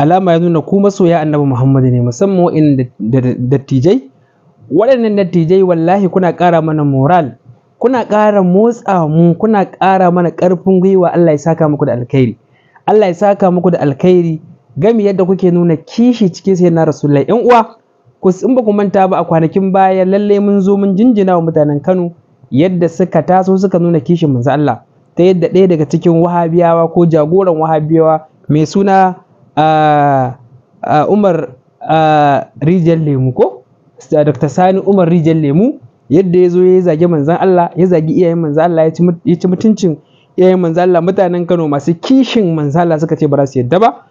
alama ya nuna ku masoya annabi muhammadu ne musamman wa'in dattijai waɗannan dattijai wallahi kuna ƙara mana moral kuna ƙara motsa mu kuna ƙara mana ƙarfin gwiwa allah ya saka muku da alkhairi allah ya saka muku da alkhairi gami yadda kuke nuna kishi cikin sai na rasulullahi yan uwa ku in ba ku manta ba a kwanakin baya lalle mun zo mun jinjina wa mutanen kano yadda suka taso suka nuna kishin manzo allah ta yadda ɗaya daga cikin wahabiyawa ko jagoran wahabiyawa mai suna umar rijiyar lemu ko dr sani umar rijiyar lemu yadda ya zo ya zage manzan Allah ya zagi iyayen manzan Allah ya ci mutuncin iyayen manzan Allah mutanen Kano masu kishin manzan Allah suka ce ba za su yadda ba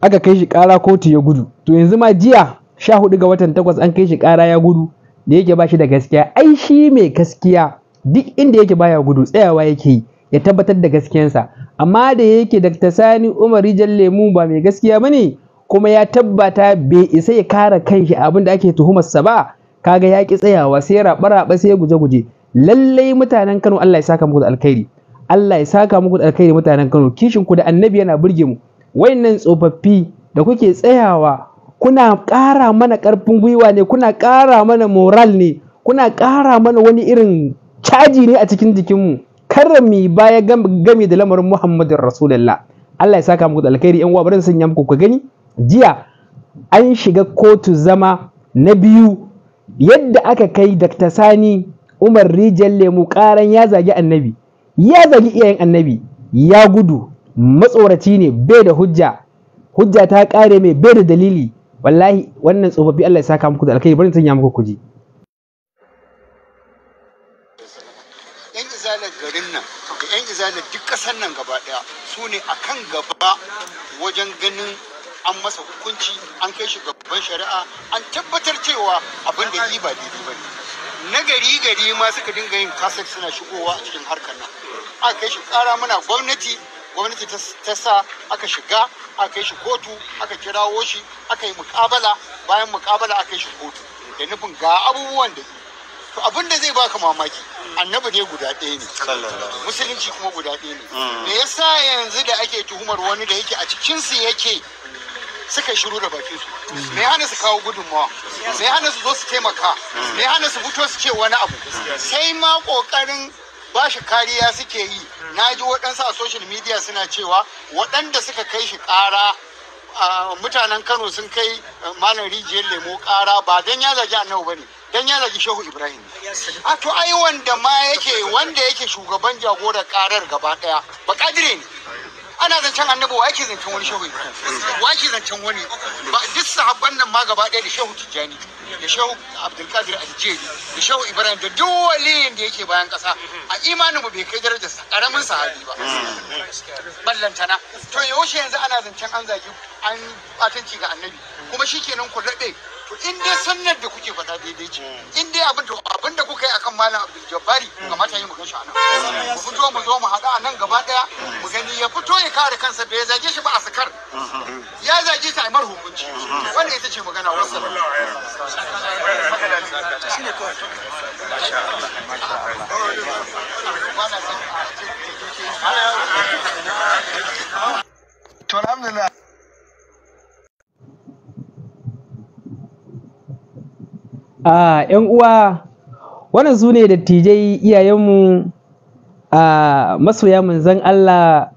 aka kai shi kara kotu ya gudu to yanzu ma jiya sha hudu ga watan takwas an kai shi kara ya gudu da yake ba shi da gaskiya ai shi mai gaskiya duk inda yake baya gudu tsayawa yake yi ya tabbatar da gaskiyansa amma da yake Dr. Sani Umar Jan Lemu ba mai gaskiya bane kuma ya tabbata bai isa ya kare kanshi abin da ake tuhumarsa ba kaga ya ki tsayawa sai raɓa-raɓa sai guje-guje lallai mutanen Kano Allah ya saka muku da alkhairi Allah ya saka muku da alkhairi mutanen Kano kishin ku da annabi yana burge mu wayannan tsofaffi da kuke tsayawa kuna ƙara mana ƙarfin gwiwa ne kuna ƙara mana moral ne kuna ƙara mana wani irin caji ne a cikin jikinmu karami baya game da lamarin Muhammadin Rasulullah Allah ya saka muku da alkhairi yan uwa bari sanya muku ku gani jiya an shiga kotu zama na biyu yadda aka kai Dr. Sani Umar Rijal Lemu karan ya zagi annabi ya zagi iyayen annabi ya gudu matsoraci ne bai da hujja hujja ta kare mai bai da dalili wallahi wannan tsofaffi Allah ya saka muku da alkhairi bari sanya muku kuji izalar garin nan da 'yan izalar duk ƙasar nan gaba daya su ne a kan gaba wajen ganin an masa hukunci an kai shi gaban shari'a an tabbatar cewa abin da yi ba daidai ba ne na gari gari ma suka dinga yin kasar suna shigowa a cikin harkar nan a kai shi kara mana gwamnati gwamnati ta sa aka shiga aka kai shi kotu aka kirawo shi aka yi mukabala bayan mukabala aka kai shi kotu da nufin ga abubuwan da to abin da zai baka mamaki annabi ne guda ɗaya ne musulunci kuma guda ɗaya ne mm. me yasa yanzu da ake tuhumar wani da yake a cikinsu yake suka shiru da bakin su mm. me hana su kawo gudunmawa me hana su zo su taimaka mm. me hana su fito su ce wani abu sai ma kokarin ba shi kariya suke yi na ji waɗansu a social media suna cewa waɗanda suka kai shi ƙara mutanen kano sun kai eh, malam rijiyar lemo ƙara ba don ya zagi annabu ba ne dan ya zagi shehu ibrahim a to ai wanda ma yake wanda yake shugaban jagorar karar gaba daya ba kadire ne ana zancen annabi wa yake zancen wani shehu ibrahim wa yake zancen wani ba duk sahabban nan ma gaba daya da shehu tijjani da shehu abdulkadir aljeri da shehu ibrahim da duk waliyin da yake bayan kasa a imanin mu bai kai darajar karamin sahabi ba ballantana to yaushe yanzu ana zancen an zagi an batanci ga annabi kuma shikenan ku sannan da kuke faɗa daidai ce hmm. in dai abin da abin da kuka yi akan malam abdul jabbari ga hmm. mata yin magana shi hmm. mu fito mu zo mu haɗa anan gaba daya mu gani ya fito ya kare kansa bai zage shi ba a sakar ya zage a mar hukunci wanda ita ce magana wasu alhamdulillah yan uwa wannan su ne dattijai iyayenmu a masoya manzan Allah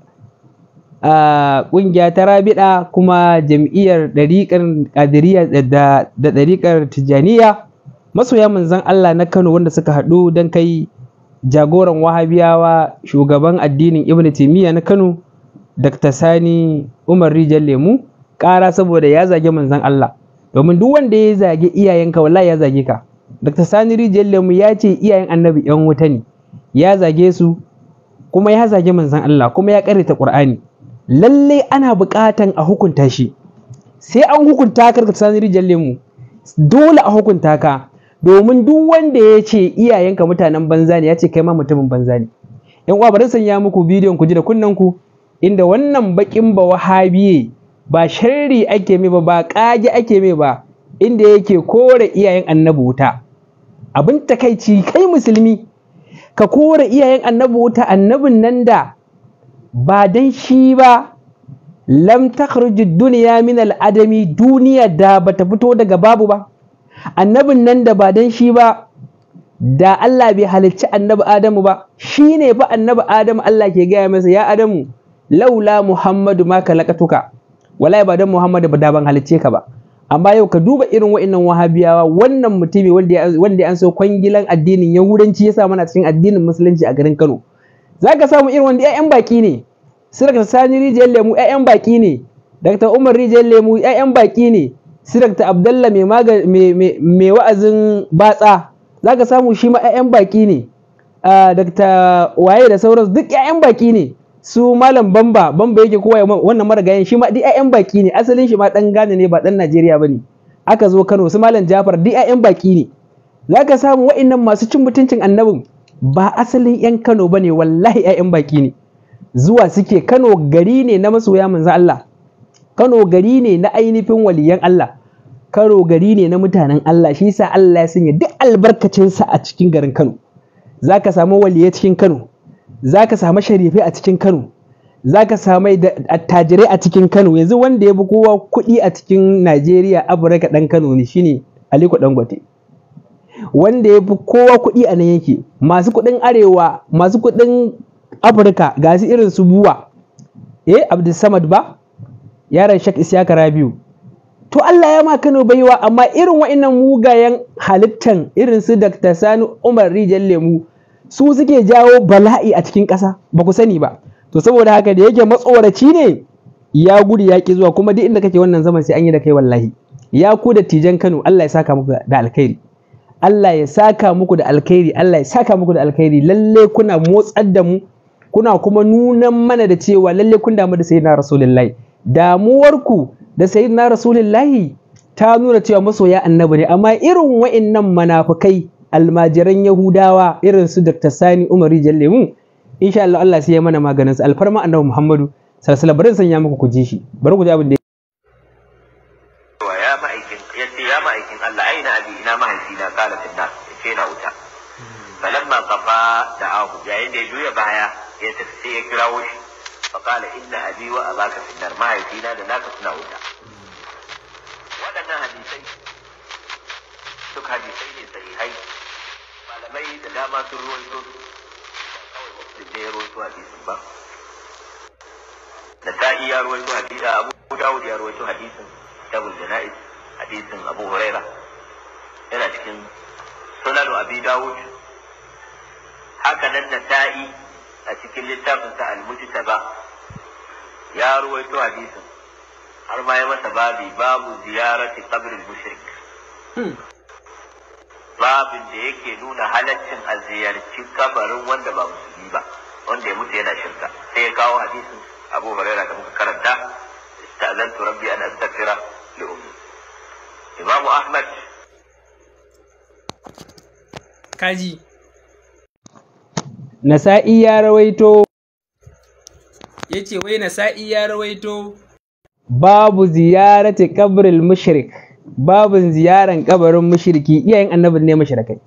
a ƙungiya ta Rabi'a kuma jam'iyyar ɗariƙar ƙadiriya da ɗariƙar Tijaniya, masoya manzan Allah na Kano wanda suka haɗu don kai jagoran wahabiyawa shugaban addinin ibn Taymiyyah na Kano Dr. Sani Umar Rijal Lemu ƙara saboda ya zage manzan Allah domin duk wanda ya zage iyayenka wallahi ya zage ka dr sani rijiyar lemu ya ce iyayen annabi yan wuta ne ya zage su kuma ya zage manzan allah kuma ya karyata qur'ani lalle ana buƙatan a hukunta shi sai an hukunta ka dr sani rijiyar lemu dole a hukunta ka domin duk wanda ya ce iyayenka mutanen banza ne ya ce kai ma mutumin banza ne yan uwa bari sanya muku bidiyon ku ji da kunnen ku inda wannan bakin ba wahabiye ba sharri ake mai ba ba ƙage ake mai ba inda yake kore iyayen annabi wuta abin takaici kai musulmi ka kore iyayen annabi wuta annabin nan da ba dan shi ba lam takhruju duniya min al'adami duniya da bata fito daga babu ba annabin nan da ba dan shi ba da Allah bai halicci annabi Adamu ba shi ne fa annabi Adamu Allah ke gaya masa ya Adamu laula Muhammadu ma kalakatuka wallahi ba dan Muhammadu ba da ban halicce ka ba amma yau ka duba irin wa'annan wahabiyawa wannan mutumi wanda ya an so kwangilan addinin yahudanci ya sa mana cikin addinin musulunci a garin Kano zaka samu irin wanda 'ya'yan baki ne Sirakta Sani rijiyar lemu 'ya'yan baki ne Dr. Umar rijiyar lemu 'ya'yan baki ne Sirakta Abdullahi mai wa'azin batsa zaka samu shi ma 'ya'yan baki ne ah, Dr. waye da sauransu duk 'ya'yan baki ne su malam bamba bamba yake kowa wannan marigayin shi ma DIN baki ne asalin shi ma dan Ghana ne ba dan Najeriya ba ne. aka zo Kano su malam Jafar DIN baki ne zaka samu wa'annan masu cin mutuncin annabin ba asalin yan Kano ba ne, wallahi ƴaƴan baki ne zuwa suke Kano gari ne na masoya manzo Allah Kano gari ne na ainihin waliyan Allah Kano gari ne na mutanen Allah shi yasa Allah ya sanya duk albarkacinsa a cikin garin Kano zaka samu waliyai cikin Kano za ka samu sharifai a cikin kano za ka samu attajirai a cikin kano yanzu wanda ya fi kowa kuɗi a cikin najeriya afirka ɗan kano ne shine aliko dangote wanda ya fi kowa kuɗi a nan yake masu kuɗin arewa masu kuɗin afirka ga su irin su buwa eh abdulsamad ba yaron shak isyaka rabiu to Allah ya ma Kano baiwa amma irin wa'innan mugayen halittan irin su Dr. Sani Umar Rijal Lemu su suke jawo bala'i a cikin ƙasa ba ku sani ba to saboda haka da yake matsoraci ne ya gudu ya ki zuwa kuma duk inda kake wannan zaman sai an yi da kai wallahi ya ku da tijan Kano Allah ya saka muku da alkhairi Allah ya saka muku da alkhairi Allah ya saka muku da alkhairi lalle kuna motsar da mu kuna kuma nunan mana da cewa lalle kun damu da sayyidina rasulullahi damuwarku da sayyidina rasulullahi ta nuna cewa masoya annabi ne amma irin nan manafukai almajiran yahudawa irin su dr sani umari jallemu insha Allah Allah sai ya mana maganin su alfarma annabi muhammadu sallallahu alaihi wasallam ya muku ku ji shi bari ku ji abin da ya ma'aikin yadda ya ma'aikin Allah aina abi ina mahaifina kala fi nar yace na wuta falamma qafa da'ahu yayin da ya juya baya ya tafi sai ya kira shi fa kala inna abi wa abaka fi nar mahaifina da naka suna wuta waɗannan hadisai duk hadisai ne sahihai malamai da dama sun ruwan ruwaito da ya su hadisin ba da sa'i ya ruwaito hadisin abu dawud ya ruwaito hadisin tabul jana'iz hadisin abu huraira yana cikin sunan abi dawud haka nan da sa'i a cikin littafin littafinsa al-mujtaba ya ruwaito hadisin har ma ya masa babi babu ziyarati kabirin mushrik hmm. babin da yake nuna halaccin a ziyarci kabarin wanda ba musulmi ba wanda ya mutu yana shirka sai ya kawo hadisin abu huraira da muka karanta ta'azantu rabbi an astaghfira li ummi imam ahmad kaji nasa'i ya rawaito yace wai nasa'i ya rawaito babu ziyarati kabril mushrik babin ziyaran kabarin mushriki iyayen annabin ne mushrikai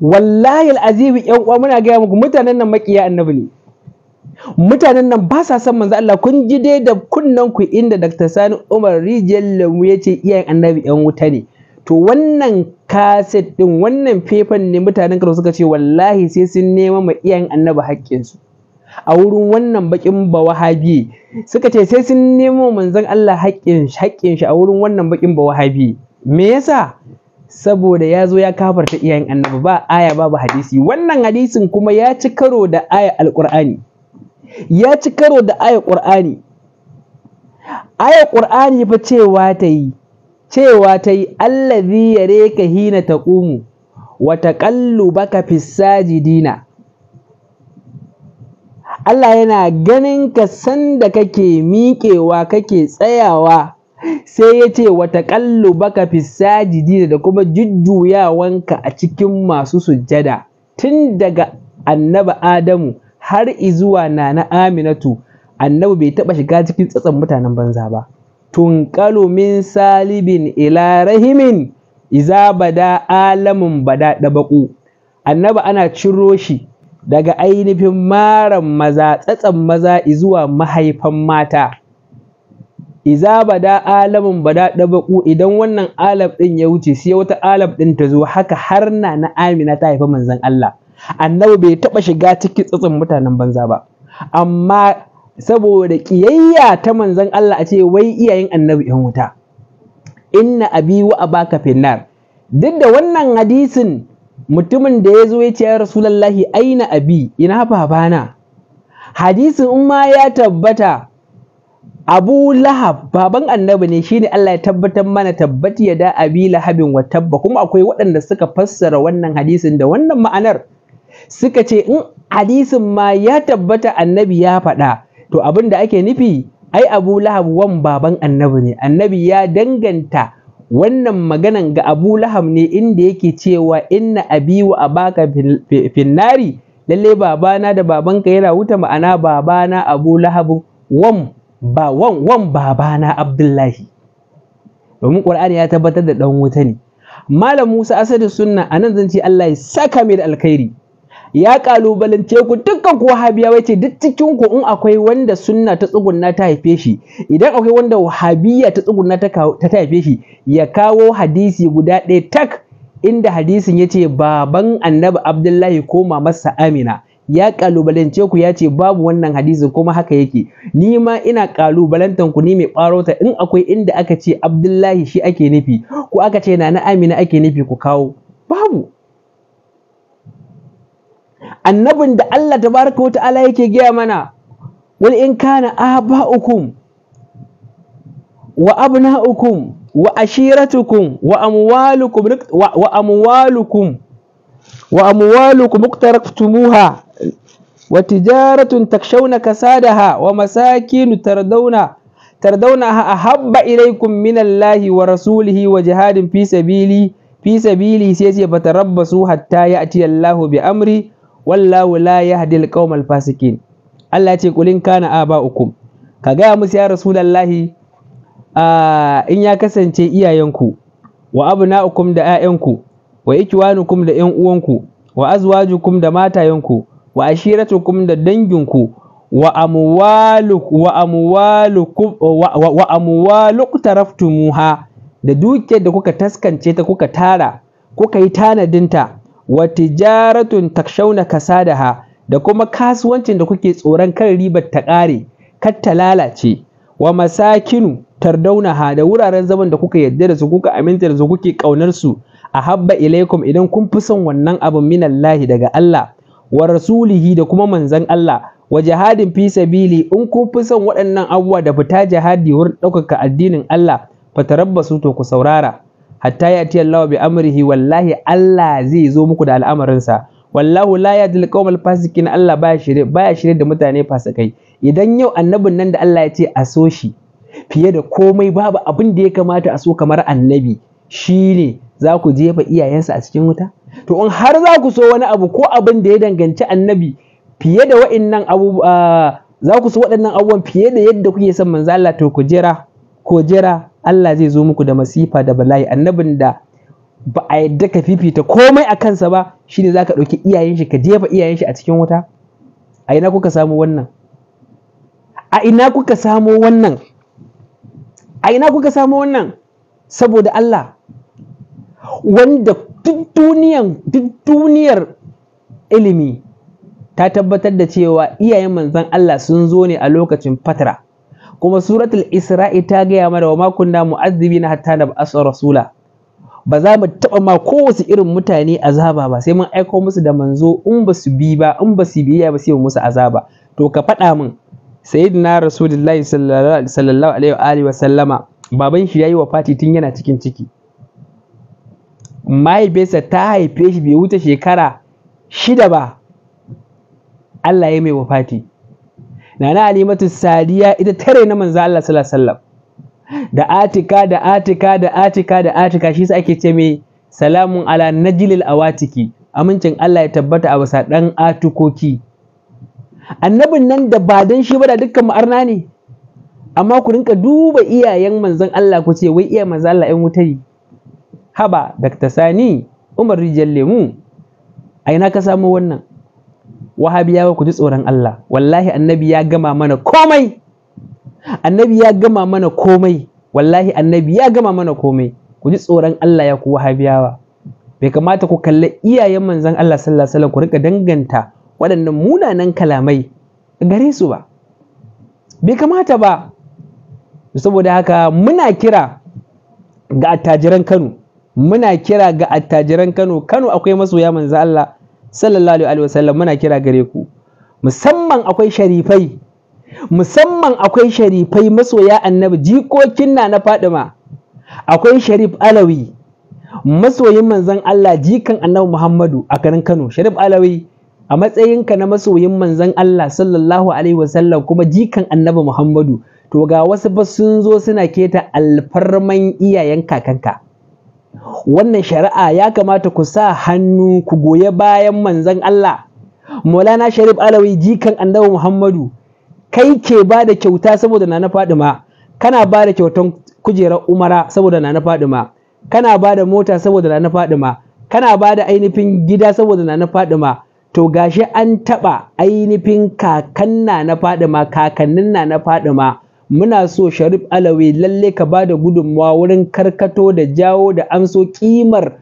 wallahi al'azibi yan uwa muna gaya muku mutanen nan makiya annabi ne mutanen nan ba sa son manzo Allah kun ji dai da kunnan ku inda Dr. Sani Umar Rijiyar Lamu ya ce iyayen annabi yan wuta ne to wannan kaset din wannan fefan ne mutanen Kano suka ce wallahi sai sun nema ma iyayen annabi hakkin su a wurin wannan bakin bawahabi suka ce sai sun nemo manzon Allah haƙƙin shi a wurin wannan bakin bawahabi me yasa saboda ya zo ya kafarta iyayen annabi ba aya babu hadisi wannan hadisin kuma ya ci karo da aya alƙur'ani ya ci karo da aya ƙur'ani aya ƙur'ani fa cewa ta yi cewa ta yi allazi ka hina taqumu wa taqallubaka fis sajidina Allah yana ganin ka sanda kake miƙewa kake tsayawa sai ya ce wata ba baka fi sajidi da kuma jujjuyawanka a cikin masu sujjada tun daga Annaba Adamu har izuwa na na Aminatu annabi bai taɓa shiga cikin tsatsan mutanen banza ba. Tunƙalu min salibin ila rahimin iza bada alamin bada ɗabaƙu Annaba ana ciro shi daga ainihin maran maza tsatsan maza zuwa mahaifan mata iza ba bada alamin bada ɗabaƙu idan wannan alab ɗin ya wuce sai wata alab ɗin ta zo haka har na na amina ta haifi manzan Allah annabi bai taɓa shiga cikin tsatsan mutanen banza ba amma saboda ƙiyayya ta manzan Allah a ce wai iyayen annabi yan wuta inna abi wa abaka finnar duk da wannan hadisin mutumin da ya zo ya ce rasulallahi aina abi ina babana hadisin in ma ya tabbata abu lahab baban annabi ne shine Allah ya tabbatar mana tabbati ya da abi lahabin wa tabba kuma akwai waɗanda suka fassara wannan hadisin da wannan ma'anar suka ce in hadisin ma ya tabbata annabi ya faɗa to abin da ake nufi ai abu lahab wan baban annabi ne annabi ya danganta wannan maganan ga abu Lahab ne inda yake cewa inna abi wa abaka finnari lalle babana da babanka yana wuta ma'ana babana abu Lahab wan ba wan wan babana abdullahi domin ƙur'ani ya tabbatar da ɗan wuta ne malam musa asadi sunna anan zan ce allah ya saka mai da alkhairi ya kalubalance ku dukkan ku wahabiyawa ce duk cikin ku in akwai wanda sunna ta tsugunna ta haife shi idan akwai wanda wahabiyya ta tsugunna ta ta haife shi ya kawo hadisi guda ɗaya tak inda hadisin yace baban annabi abdullahi ko mamarsa amina ya kalubalance ku ya ce babu wannan hadisin kuma haka yake ni ma ina kalubalantan ku ni mai ɓarota in akwai inda aka ce abdullahi shi ake nufi ko aka ce na na amina ake nufi ku kawo babu annabin da Allah ta baraka wa ala yake gaya mana wani in kana aba'ukum wa abna'ukum wa ashiratukum wa amwalukum wa amwalukum wa amwalukum iqtaraftumuha wa tijaratun takshawna kasadaha wa masakinu tardawna tardawnaha ahabba ilaykum min minallahi wa rasulihi wa jihadin fi sabili fi sabili sai ce fatarabbasu hatta ya'ti Allahu bi amri wallahu la yahdil qaumal fasikin Allah ya ce kulin kana ukum ka gaya musu ya rasulallahi a in ya kasance iyayenku wa abna'ukum da 'ya'yanku wa ikwanukum da 'yan uwanku wa azwajukum da matayenku wa ashiratukum da danginku wa amwalukum wa amwalukum wa amwaluk da duke da kuka taskance ta kuka tara kuka yi tanadinta wa tijaratun takshauna kasadaha da kuma kasuwancin da kuke tsoron kan ribar ta ƙare kar ta lalace wa masakinu tardaunaha da wuraren zaman da kuka yarda da su kuka aminta da su kuke ƙaunar su a habba ilaikum idan kun fi son wannan abin minallahi daga Allah wa rasulihi da kuma manzon Allah wa jihadin fi sabili in kun fi son waɗannan abubuwa da fita jihadi wurin ɗaukaka addinin Allah fatarabbasu to ku saurara hatta ya ya'ti Allah bi amrihi wallahi Allah zai zo muku da al'amarinsa wallahu la yadil qawmal fasikin Allah baya shirye baya shirye da mutane fasikai idan yau annabin nan da Allah ya ce a so shi fiye da komai babu abin da ya kamata a so kamar annabi shine za ku jefa iyayensa a cikin wuta to in har za ku so wani abu ko abin da ya danganci annabi fiye da wa'annan abu ah, za ku so waɗannan abubuwan fiye da yadda kuke son manzo Allah to ku jira ko jira Allah zai zo muku da masifa da bala'i annabin da ba a yadda ka fifita komai a kansa ba shine ka ɗauki iyayen shi ka jefa iyayen shi a cikin wuta a ina kuka samu wannan a ina kuka samo wannan a ina kuka samo wannan saboda Allah wanda duk duniyar ilimi ta tabbatar da cewa iyayen manzon Allah sun zo ne a lokacin fatara kuma suratul isra'i ta gaya mana wa ma kunna na hatta nab'asa rasula ba za mu taɓa ma kowace irin mutane azaba ba sai mun aiko musu da manzo in ba su bi ba in ba su biya ba sai mu musu azaba to ka faɗa min sayyidina rasulullahi sallallahu alaihi wa alihi wa sallama baban shi yayi wafati tun yana cikin ciki mahaifinsa ta haife shi bai wuce shekara shida ba Allah ya mai wafati nana halimatu sadiya ita tare na manzo Allah sallallahu alaihi da atika da atika da atika da atika shi ake ce mai salamun ala najlil awatiki amincin Allah ya tabbata a wasa dan atukoki annabin nan da ba dan shi ba da dukkan ma'arna ne amma ku rinka duba iyayen manzon Allah ku ce wai iya manzon Allah yan wuta haba Dr. Sani Umar Rijal Lemu a ina ka samu wannan wahabiyawa ku ji tsoron Allah wallahi annabi ya gama mana komai annabi ya gama mana komai wallahi annabi ya gama mana komai ku ji tsoron Allah ya ku wahabiyawa bai kamata ku kalli iyayen manzon Allah sallallahu alaihi ku rika danganta waɗannan munanan kalamai gare su ba bai kamata ba saboda haka muna kira ga attajiran Kano muna kira ga attajiran Kano Kano akwai masoya manzon Allah sallallahu alaihi wasallam muna kira gare ku musamman akwai sharifai musamman akwai sharifai masoya annabi jikokin na na fadima akwai sharif alawi masoyin manzon Allah jikan annabi Muhammadu a garin Kano sharif alawi a matsayinka na masoyin manzon Allah sallallahu alaihi wasallam kuma jikan annabi Muhammadu to ga wasu ba sun zo suna keta alfarman iyayen kakanka wannan shari'a ya kamata ku sa hannu ku goye bayan manzan Allah Maulana Sharif Alawi jikan Annabi Muhammadu kai ke bada kyauta saboda Nana Fadima kana bada kyautan kujerar Umara saboda Nana Fadima kana bada mota saboda Nana Fadima kana bada ainihin gida saboda Nana Fadima to gashi an taɓa ainihin kakan na na fadima kakannin na na fadima muna so sharif alawi lalle ka ba da gudunmawa wurin karkato da jawo da amso kimar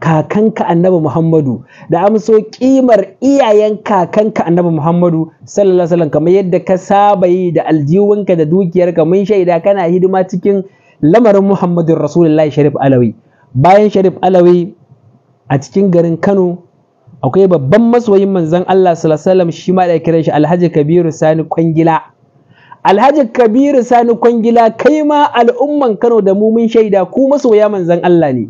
kakanka annabi muhammadu da amso kimar iyayen kakanka annabi muhammadu sallallahu alaihi kamar yadda ka saba yi da aljiwanka da dukiyarka mun shaida kana hidima cikin lamarin muhammadun rasulullahi sharif alawi bayan sharif alawi a cikin garin kano akwai babban masoyin manzon allah sallallahu alaihi shi ma da kiran shi alhaji kabiru sani kwangila Alhaji Kabiru Sani Kwangila kai ma al'umman Kano da mu mun shaida ku masoya manzon Allah ne.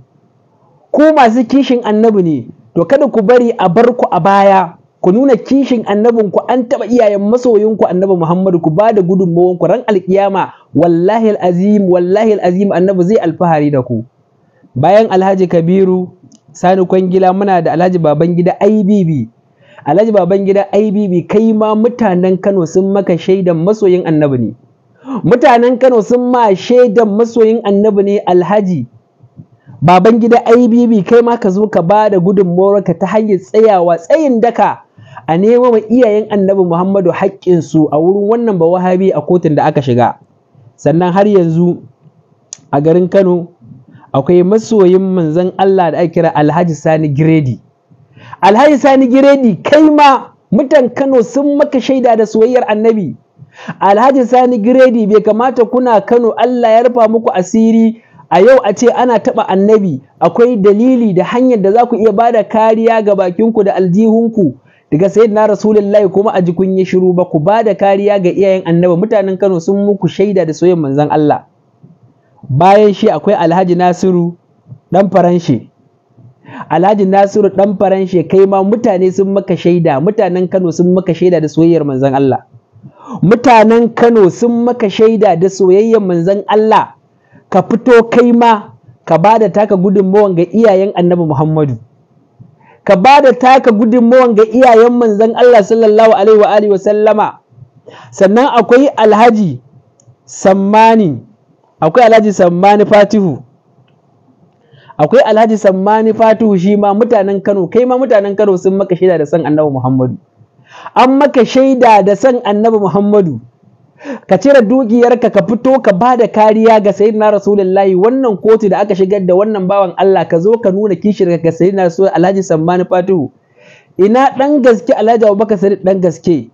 Ku masu kishin annabi ne, to kada ku bari a bar ku a baya ku nuna kishin annabin ku an taba iyayen masoyin ku annabi Muhammadu ku ba da gudunmawan ku ran alkiyama wallahi alazim wallahi alazim annabi zai alfahari da ku. Bayan Alhaji Kabiru Sani Kwangila muna da Alhaji Babangida IBB alhaji baban gida ibb kai ma mutanen kano sun maka shaidan masoyin annabi ne mutanen kano sun ma shaidan masoyin annabi ne alhaji baban gida ibb kai ma ka zo ka ba da ka ta hanyar tsayawa tsayin daka a nema ma iyayen annabi muhammadu haƙƙinsu a wurin wannan ba wahabi a kotun da aka shiga sannan har yanzu a garin kano akwai masoyin manzon allah da ake kira alhaji sani giredi alhaji sani giredi kai ma mutan kano sun maka shaida da soyayyar annabi alhaji sani giredi bai kamata kuna kano allah ya rufa muku asiri a yau a ce ana taɓa annabi akwai dalili da hanyar da za ku iya bada kariya ga bakinku da aljihunku daga sayyidina rasulullahi kuma a jikun ya shiru ba ku bada kariya ga iyayen annabi mutanen kano sun muku shaida da soyayyar manzon allah bayan shi akwai alhaji nasiru dan faranshe. alhaji nasiru dan faranshe kai ma mutane sun maka shaida mutanen kano sun maka shaida da soyayyar manzon Allah mutanen kano sun maka shaida da soyayyar manzon Allah ka fito kai ma ka ba da taka gudunmawan ga iyayen annabi muhammadu ka ba da taka gudunmawan ga iyayen manzon Allah sallallahu alaihi wa alihi wa sannan akwai alhaji sammani akwai alhaji sammani fatihu akwai alhaji sammani fatihu shi ma mutanen kano kai ma mutanen kano sun maka shaida da san annabi muhammadu an maka shaida da san annabi muhammadu ka cire dukiyarka ka fito ka ba da kariya ga sayyidina rasulullahi wannan kotu da aka shigar da wannan bawan Allah ka zo ka nuna kishirka ga sayyidina rasulullahi alhaji sammani fatihu ina dan gaske alhaji abubakar sadiq dan gaske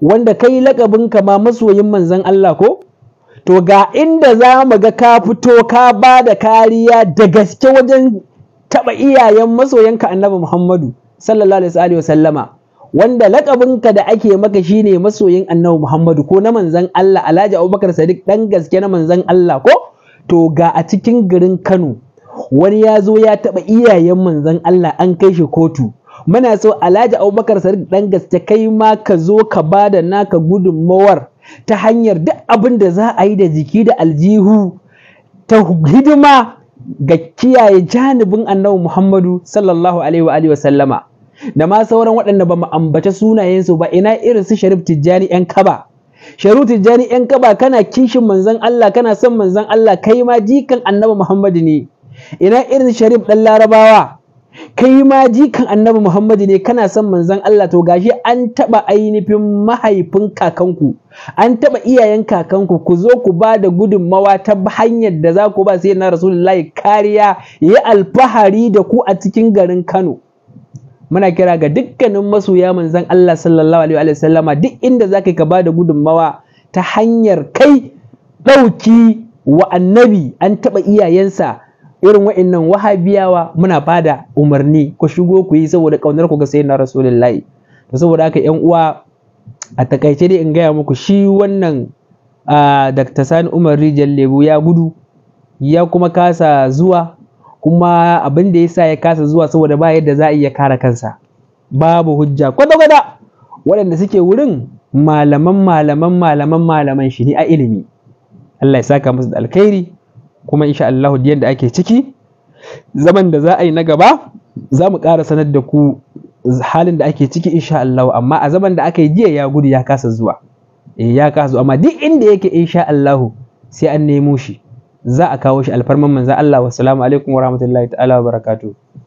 wanda kai lakabin ka ma masoyin manzon Allah ko to ga inda za mu ga ka fito ka ba da kariya da gaske wajen taɓa iyayen masoyanka annabi muhammadu sallallahu alaihi wasallama wanda lakabinka da ake maka shine masoyin annabi muhammadu ko na manzan allah alhaji abubakar sadiq dan gaske na manzan allah ko to ga a cikin garin kano wani ya zo ya taɓa iyayen manzan allah an kai shi kotu muna so alhaji abubakar sadiq dan gaske kai ma ka zo ka ba da naka gudunmawar ta hanyar duk abin da za a yi da jiki da aljihu ta hidima ga kiyaye janibin annabi Muhammadu sallallahu alaihi wa sallama da ma sauran waɗanda ba mu ambata sunayensu ba ina irin su Sharif Tijjani ɗan kaba Sharif Tijjani ɗan kaba kana kishin manzon Allah kana son manzon Allah kai ma jikan annabi Muhammadu ne ina irin Sharif ɗan Larabawa kai ma jikan annabi Muhammadu ne kana son manzon Allah to gashi an taɓa ainihin mahaifin kakanku an taɓa iyayen kakanku ku zo ku ba da gudunmawa ta hanyar da za ku ba sai na rasulullahi kariya ya alfahari da ku a cikin garin Kano muna kira ga dukkanin masoya manzon Allah sallallahu alaihi wa sallama duk inda za ka ba da gudunmawa ta hanyar kai ɗauki wa annabi an taɓa iyayensa irin wa'annan wahabiyawa muna bada umarni ku shigo ku yi saboda kaunar ku ga sayyidina rasulullahi to saboda haka yan uwa a takaice dai in gaya muku shi wannan Dr. Sani Umar Rijal Lebu ya gudu ya kuma kasa zuwa kuma abin da yasa ya kasa zuwa saboda ba yadda za a iya kare kansa babu hujja kwata-kwata waɗanda suke wurin malaman malaman malaman malaman shi ne a ilimi Allah ya saka musu da alkhairi kuma insha Allah yadda ake ciki zaman da za a yi na gaba za mu ƙara sanar da ku halin da ake ciki insha Allah amma a zaman da aka yi jiya ya gudu ya kasa zuwa eh ya kasa zuwa amma duk inda yake insha Allah sai an nemo shi za a kawo shi alfarman manzo Allah salamu alaikum wa rahmatullahi ta'ala barakatuh